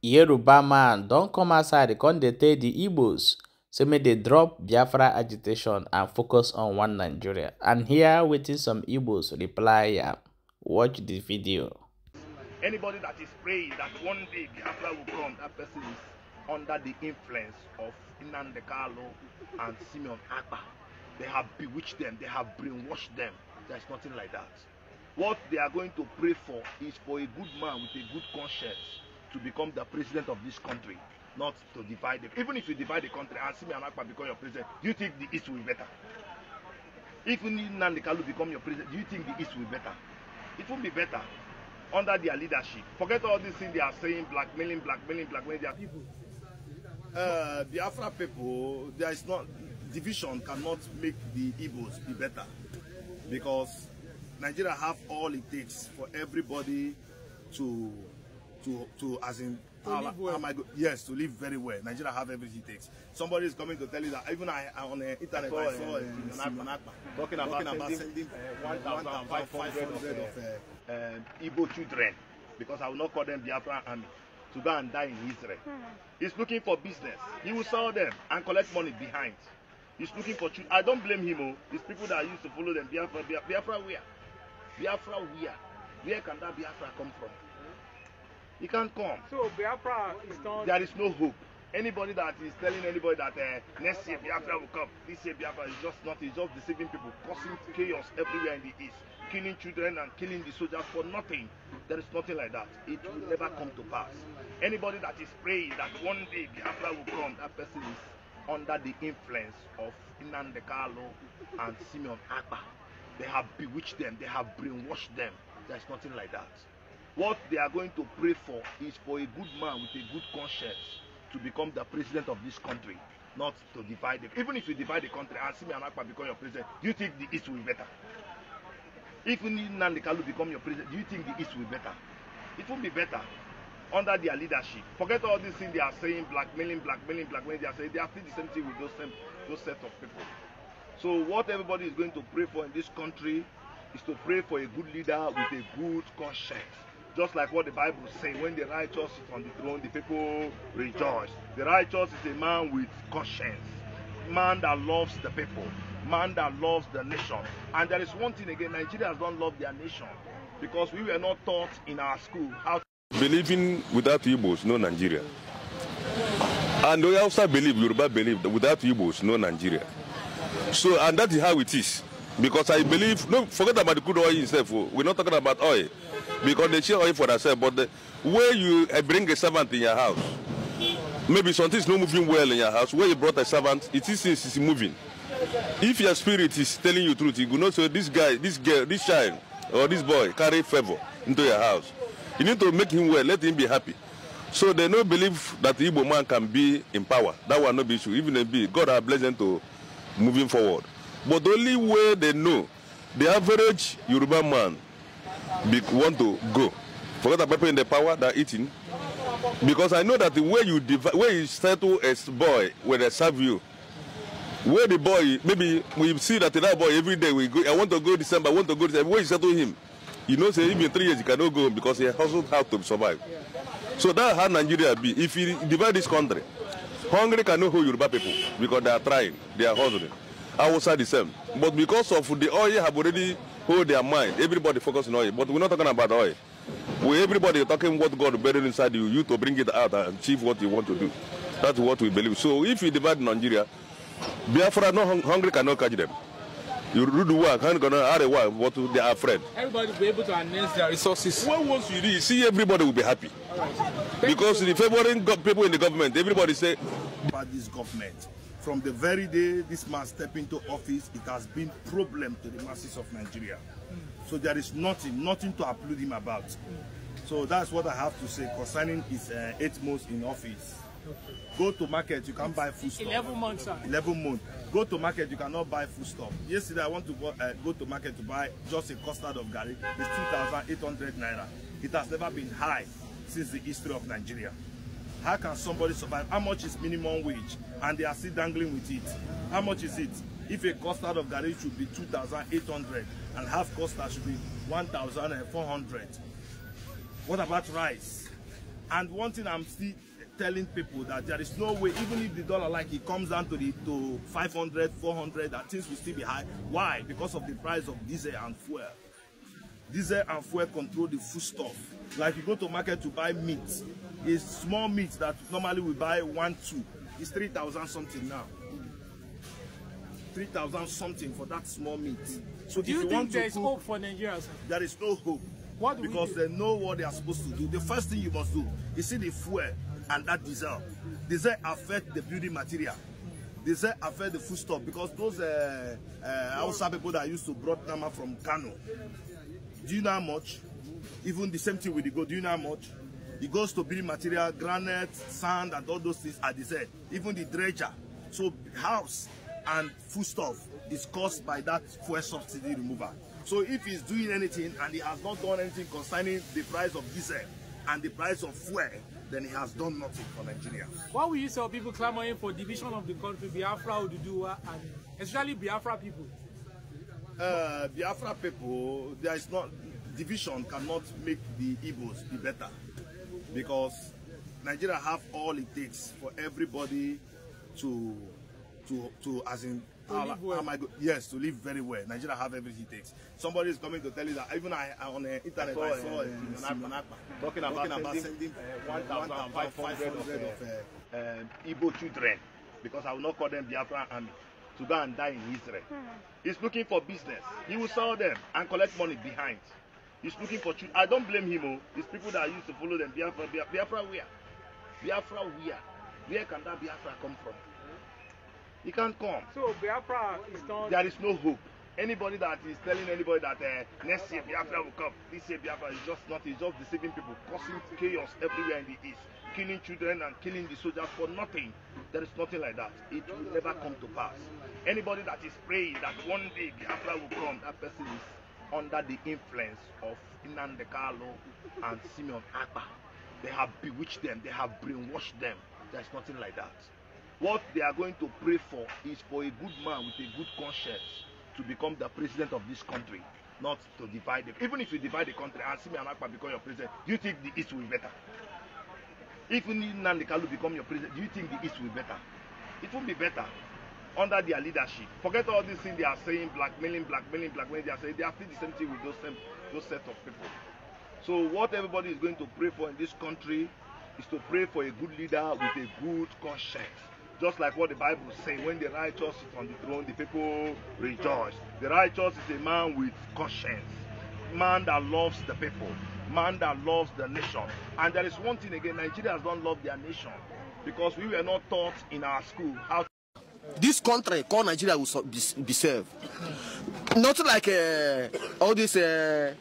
Yoruba man not come outside con dey tell the Igbos say make they drop Biafra agitation and focus on one Nigeria. And here waiting some Igbos reply Watch the video. Anybody that is praying that one day Biafra will come, that person is under the influence of Nnamdi Carlo and Simeon Akpa. They have bewitched them. They have brainwashed them. There's nothing like that. What they are going to pray for is for a good man with a good conscience to become the president of this country, not to divide it. Even if you divide the country and Simi Anakpa become your president, do you think the East will be better? If Nnamdi Kalu become your president, do you think the East will be better? It will be better under their leadership. Forget all these things they are saying, blackmailing, blackmailing, blackmailing their people. Uh, the Afra people, there is not division cannot make the Igbos be better because Nigeria have all it takes for everybody to to to as in to how, ah, well. how am I go yes to live very well Nigeria have everything it takes somebody is coming to tell you that even I, on the internet I saw uh, talking about, sending uh, uh, one thousand five hundred of uh, uh, children because I will not call them Biafra army to go and die in Israel. Hmm. He's looking for business. He will sell them and collect money behind. He's looking for children. I don't blame him. Oh. these people that used to follow them. Biafra, Biafra where? Biafra where? Where can that Biafra come from? He can't come. So Biafra is not. There is no hope. Anybody that is telling anybody that uh, next year Biafra will come, this year Biafra is just not. It's just deceiving people, causing chaos everywhere in the east, killing children and killing the soldiers for nothing. There is nothing like that. It will never come to pass. Anybody that is praying that one day Biafra will come, that person is under the influence of Nnamdi Kanu and Simeon Akpa. They have bewitched them. They have brainwashed them. There's nothing like that what they are going to pray for is for a good man with a good conscience to become the president of this country not to divide the even if you divide the country and Simi Anakpa become your president do you think the east will be better if Nnamdi Kalu become your president do you think the east will be better it will be better under their leadership forget all these things they are saying blackmailing blackmailing blackmailing they are saying they are still the same thing with those same those set of people so what everybody is going to pray for in this country is to pray for a good leader with a good conscience just like what the Bible say, when the righteous is on the throne, the people rejoice. The righteous is a man with conscience, man that loves the people, man that loves the nation. And there is one thing again Nigerians don't love their nation because we were not taught in our school how Believing without Igbos, no Nigeria. And we also believe, Yoruba believe, without Igbos, no Nigeria. So, and that is how it is because I believe, no, forget about the good oil itself. Oh. We're not talking about oil because they share oil for themselves. But the way you eh, bring a servant in your house, maybe something's not moving well in your house. Where you brought a servant, it is since it's moving. If your spirit is telling you truth, you will not say this guy, this girl, this child, or this boy carry favor into your house. You need to make him well, let him be happy. So they no believe that the Igbo man can be in power. That will not be issue. Even if be, God has blessed them to moving forward. But the only way they know, the average Yoruba man be, want to go. Forget about people the power that eating. Because I know that the way you div- way you settle a boy when they serve you, where the boy maybe we see that that boy every day we go. I want to go December. I want to go December. Where you settle him, you know say even three years you cannot go because he hustle how to survive. So that how Nigeria be. If you divide this country, hungry cannot hold Yoruba people because they are trying, they are hustling. Hausa the same. But because of the oil have already hold their mind, everybody focus on oil. But we're not talking about oil. We everybody talking what God buried inside you, you to bring it out and achieve what you want to do. That's what we believe. So if you divide Nigeria, Biafra no hung hungry cannot catch them. You do the work, and gonna add the work, What they are afraid. Everybody will be able to enhance their resources. What once you do, see everybody will be happy. Right. Because the favoring people in the government, everybody say about this government from the very day this man stepped into office, it has been problem to the masses of Nigeria. Mm. So there is nothing, nothing to applaud him about. Mm. So that's what I have to say concerning his uh, eight months in office. Okay. Go to market, you can buy food stuff. 11 months, sir. 11 months. Go to market, you cannot buy food stuff. Yesterday, I want to go, uh, go to market to buy just a custard of garlic. It's 2,800 naira. It has never been high since the history of Nigeria. How can somebody survive? How much is minimum wage? And they are still dangling with it. How much is it? If a cost out of garage should be 2,800 and half cost should be 1,400. What about rice? And one thing I'm still telling people that there is no way, even if the dollar like it comes down to the to 500, 400, that things will still be high. Why? Because of the price of diesel and fuel diesel and fuel control the foodstuff like you go to market to buy meat it's small meat that normally we buy one two It's three thousand something now three thousand something for that small meat so do if you, you want to cook there is hope for nigeria sir? there is no hope what do because do? they know what they are supposed to do the first thing you must do is see the fuel and that diesel diesel affect the building material they affect the foodstuff because those uh, uh, outside people that used to brought Nama from Kano, Do you know how much? Even the same thing with the gold. Do you know how much? It goes to building material, granite, sand, and all those things are the said. Even the dredger. So house and foodstuff is caused by that fuel subsidy remover. So if he's doing anything and he has not done anything concerning the price of diesel and the price of fuel, then he has done nothing for Nigeria. Why will you saw people clamoring for division of the country, Biafra, Oduduwa, and especially Biafra people? uh, Biafra people, there is not division cannot make the Igbos be better because Nigeria have all it takes for everybody to to to as in to how, live well. am I go yes to live very well. Nigeria have everything it takes. Somebody is coming to tell you that even I, I on the internet I saw, I saw uh, in Anapa, talking about, talking about sending, sending uh, 1,500 uh, 1, of, uh, of uh, um, Igbo children because I will not call them Biafra army. to go and die in Israel. Hmm. He's looking for business. He will sell them and collect money behind. He's looking for children. I don't blame him. Oh. It's people that used to follow them. Biafra, Biafra, Biafra where? Biafra where? Where can that Biafra come from? He can't come. So Biafra is not. There is no hope. Anybody that is telling anybody that uh, next year Biafra will come, this year Biafra is just not. It's just deceiving people, causing chaos everywhere in the east, killing children and killing the soldiers for nothing. There is nothing like that. It will never come to pass. Anybody that is praying that one day Biafra will come, that person is under the influence of Nnamdi Kalu and Simeon Akpa. They have bewitched them. They have brainwashed them. There is nothing like that. What they are going to pray for is for a good man with a good conscience to become the president of this country, not to divide it. Even if you divide the country and Simeon Akpa become your president, do you think the East will be better? If Nnamdi Kalu become your president, do you think the East will be better? It won't be better under their leadership. Forget all these things they are saying, blackmailing, blackmailing, blackmailing. They are saying they are still the same thing with those same those set of people. So what everybody is going to pray for in this country is to pray for a good leader with a good conscience. Just like what the Bible says, when the righteous is on the throne, the people rejoice. The righteous is a man with conscience man that loves the people, man that loves the nation. And there is one thing again, Nigerians don't love their nation because we were not taught in our school how this country called Nigeria will be, be served. Not like uh, all this, uh,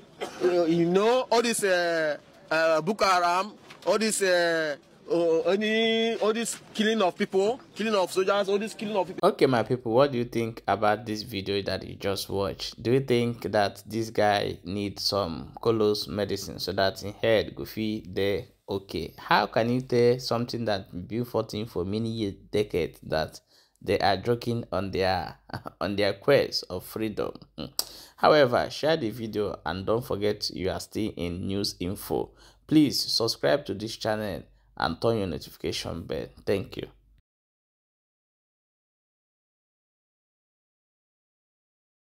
you know, all this uh, uh, Boko Haram, all this uh, uh, any all this killing of people killing of soldiers all this killing of people okay my people what do you think about this video that you just watched do you think that this guy needs some colos medicine so that in head goofy there okay how can you tell something that been 14 for many years decades that they are joking on their on their quest of freedom hmm. however share the video and don't forget you are still in news info please subscribe to this channel and turn your notification bell. Thank you.